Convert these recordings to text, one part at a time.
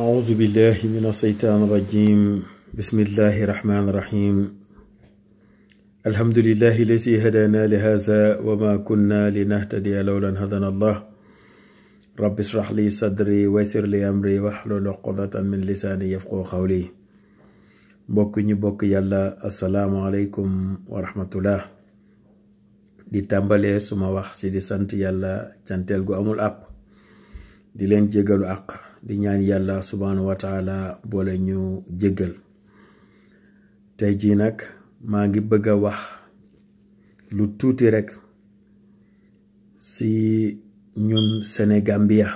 أعوذ بالله من الشيطان الرجيم بسم الله الرحمن الرحيم الحمد لله الذي هدانا لهذا وما كنا لنهتدي لولا أن هدانا الله رب اشرح لي صدري ويسر لي أمري واحلل عقدة من لساني يفقهوا قولي ني بوك يالا السلام عليكم ورحمه الله دي تامبالي سوما واخ سي دي سانت يالا تانتيل غو امول اب دي لين جيغالو اق di ñaan yàlla subhanahu wa taala boole ñu jëggal tey jii nag maa ngi bëgg a wax lu tuuti rek si ñun sénégambia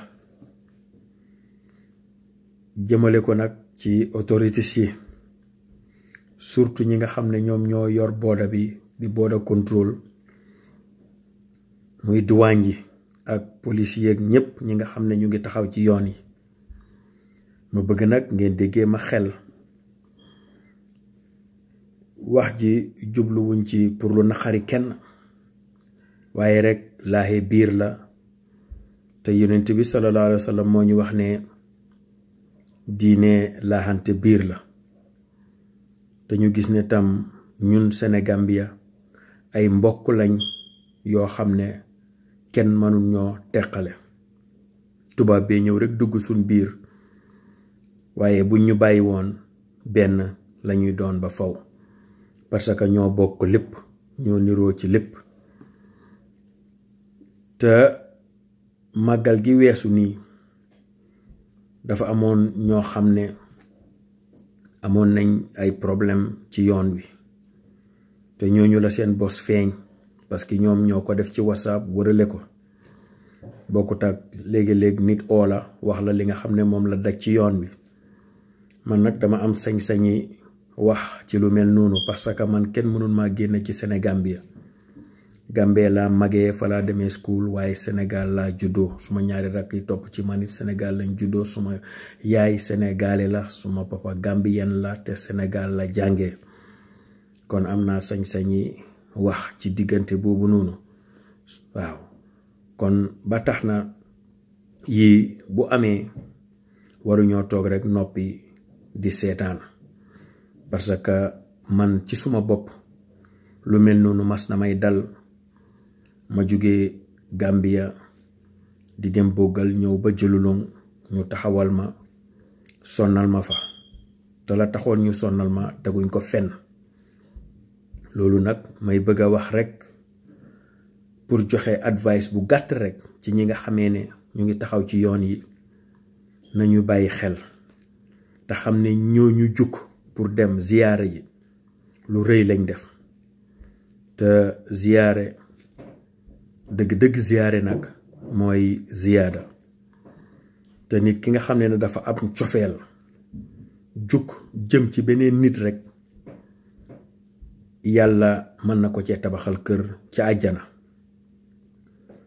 jëmale ko nag ci autorités yi surtout ñi nga xam ne ñoom ñoo yor booda bi di booda contrôle muy duwaan yi ak policier ñëpp ñi nga xam ne ñu ngi taxaw ci yoon yi mu bëgg nag ngeen déggee ma xel wax ji jubluwuñ ci pour lu naqari kenn waaye rek laaxe biir la te yonent bi sallallahu alayhi moo ñu wax ne diine laaxante biir la te ñu gis ne tam ñun Sénégambia ay mbokk lañ yoo xam ne kenn mënu ñoo teqale tubaab bi ñëw rek dugg suñ biir waaye buñ ñu bàyyi woon benn lañuy doon ba faw parce que ñoo bokk lépp ñoo niroo ci lépp te màggal gi weesu nii dafa amoon ñoo xam ne amoon nañ ay problème ci yoon wi te ñooñu la seen bos feeñ parce que ñoom ñoo ko def ci whatsapp wërale ko bokkut ak léegi-léeg nit oo wax la li nga xam ne moom la daj ci yoon wi man nak dama am sañ-sañi wax ci lu mel nonu parce que man kenn mënul ma génné ci Gambie la magee fa la démé school waye Sénégal la judo, suma ñaari rak yi top ci man Sénégal lañ judo suma yaay Sénégalais la suma papa Gambien la te Sénégal la jangé kon amna sañ-sañi wax ci diggante bobu nonu waaw kon ba taxna yi bu bu waru ñoo tok rek noppi di setan parce que man ci suma bop lu mel nonu mas na dal ma gambia di dem bogal ñew ba jëlulong ñu taxawal ma sonal ma fa te la taxoon ñu sonal ma daguñ ko fenn lolu nak may bëgg wax rek pour joxé advice bu gatt rek ci ñi nga xamé né ñu ngi taxaw ci yoon yi nañu bayyi xel te xam ne ñoo ñu jukk pour dem ziyaare yi lu rëy lañ def te ziyaare dëgg-dëgg ziyaare nag mooy ziyaada te nit ki nga xam ne dafa am cofeel jukk jëm ci beneen nit rek yàlla mën na ko cee tabaxal kër ca àjjana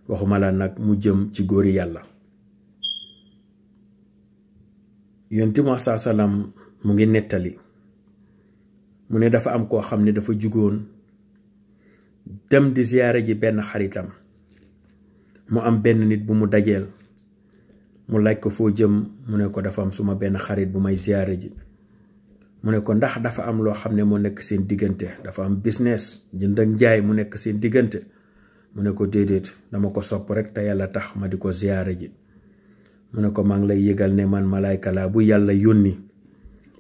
waxuma la nag mu jëm ci góori yàlla yonti mu saa mu ngi nettali mu ne dafa am koo xam ne dafa jugoon dem di ziyaare ji benn xaritam mu am benn nit bu mu dajeel mu laaj ko foo jëm mu ne ko dafa am suma benn xarit bu may ziyaare ji mu ne ko ndax dafa am loo xam ne moo nekk seen diggante dafa am business jënd njaay mu nekk seen diggante mu ne ko déedéet dama ko sopp rek te yàlla tax ma di ko ziyaare ji mu ne ko maa lay yëgal ne man malaayka laa bu yàlla yónni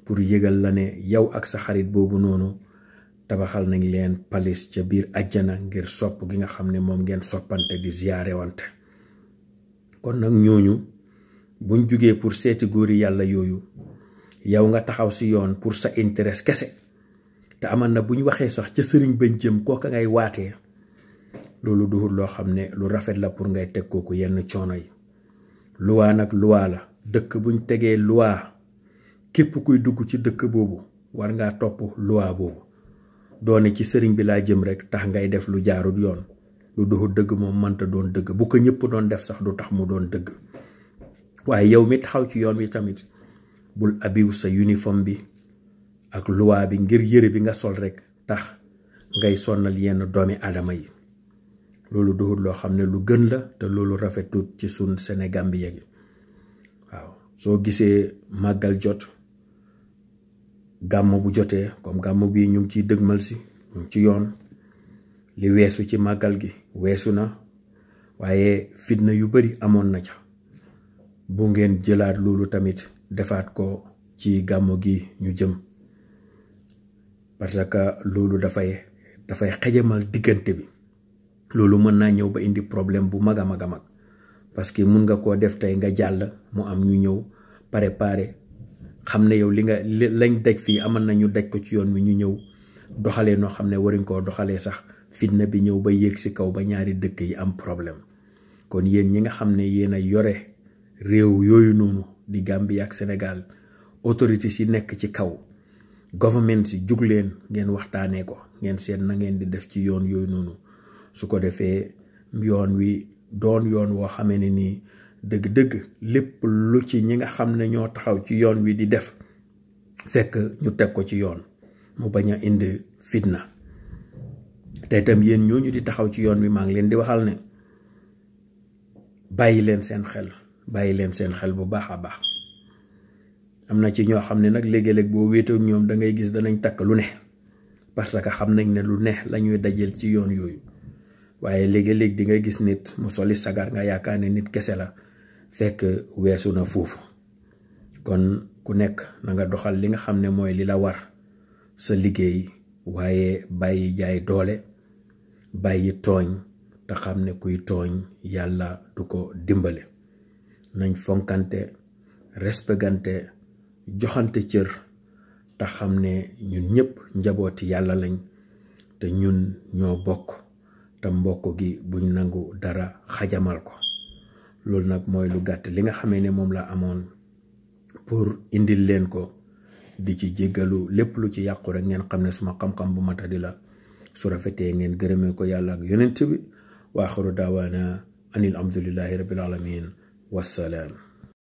pour yëgal la ne yow ak sa xarit boobu noonu tabaxal nañ leen palis ca biir àjjana ngir sopp gi nga xam ne moom ngeen soppante di ziyaare wante kon nag ñooñu buñ jugee pour seeti góori yàlla yooyu yow nga taxaw si yoon pour sa intérêt kese te aman na buñ waxee sax ca sëriñ bañ jëm koo kooka ngay waatee loolu duhul loo xam ne lu rafet la pour ngay teg kooku yenn coono yi luwaa nag luwaa la dëkk buñ tegee luwaa képp kuy dugg ci dëkk boobu war ngaa topp luwaa boobu doone ci sëriñ bi laa jëm rek tax ngay def lu jaarut yoon lu duxul dëgg moom mënta doon dëgg bu ko ñëpp doon def sax du tax mu doon dëgg waaye yow mi taxaw ci yoon wi tamit bul abiw sa uniforme bi ak luwaa bi ngir yëre bi nga sol rek tax ngay sonnal yenn doomi aadama yi loolu duhut loo xam ne lu gën la te loolu rafetut ci sun Sénégambie gi waaw soo gisee màggal jot gàmm bu jotee comme gàmmu bii ñu ngi ciy dëgmal si ñu ngi ci yoon li weesu ci màggal gi weesu na waaye fitna yu bari amoon na ca bu ngeen jëlaat loolu tamit defaat ko ci gàmm gi ñu jëm parce que loolu dafay dafay xajamal diggante bi loolu mën naa ñëw ba indi problème bu mag a mag a mag parce que mun nga koo def tey nga jàll mu am ñu ñëw pare pare xam ne yow li nga lañ daj fii amal nañu ñu daj ko ci yoon wi ñu ñëw doxalee noo xam ne waruñ koo doxalee sax fitna bi ñëw ba yéeg si kaw ba ñaari dëkk yi am problème kon yéen ñi nga xam ne yéen a yore réew yooyu noonu di Gambie ak Sénégal autorités si nekk ci kaw government si jug leen ngeen waxtaanee ko ngeen seet na ngeen di def ci yoon yooyu noonu. su ko defee yoon wi doon yoon woo xamee ne nii dëgg-dëgg lépp lu ci ñi nga xam ne ñoo taxaw ci yoon wi di def fekk ñu teg ko ci yoon mu bañ a indi fitna te itam yéen ñooñu di taxaw ci yoon wi maa ngi leen di waxal ne bàyyi leen seen xel bàyyi leen seen xel bu baax a baax am na ci ñoo xam ne nag léegi-léeg boo wéetoog ñoom da ngay gis danañ takk lu ne parce que xam nañ ne lu ne lañuy dajal ci yoon yooyu waaye léegi-léeg di nga gis nit mu soli sagar nga yaakaar ne nit kese la fekk weesu na foofu kon ku nekk nanga doxal li nga xam ne mooy li la war sa liggéey waaye bàyyi jaay doole bàyyi tooñ te xam ne kuy tooñ yàlla du ko dimbale nañ fonkante respegante joxante cër te xam ne ñun ñëpp njabooti yàlla lañ te ñun ñoo bokk te mbokk gi buñ nangu dara xajamal ko loolu nag mooy lu gàtt li nga xamee ne moom laa amoon pour indil leen ko di ci jéggalu lépp lu ci yàqu rek ngeen xam ne suma xam-xam bu matadi la su rafetee ngeen gërëmee ko yàlla ak yonent bi waaxiru daawaana anil hamdulillahi rabbil alamin wassalaam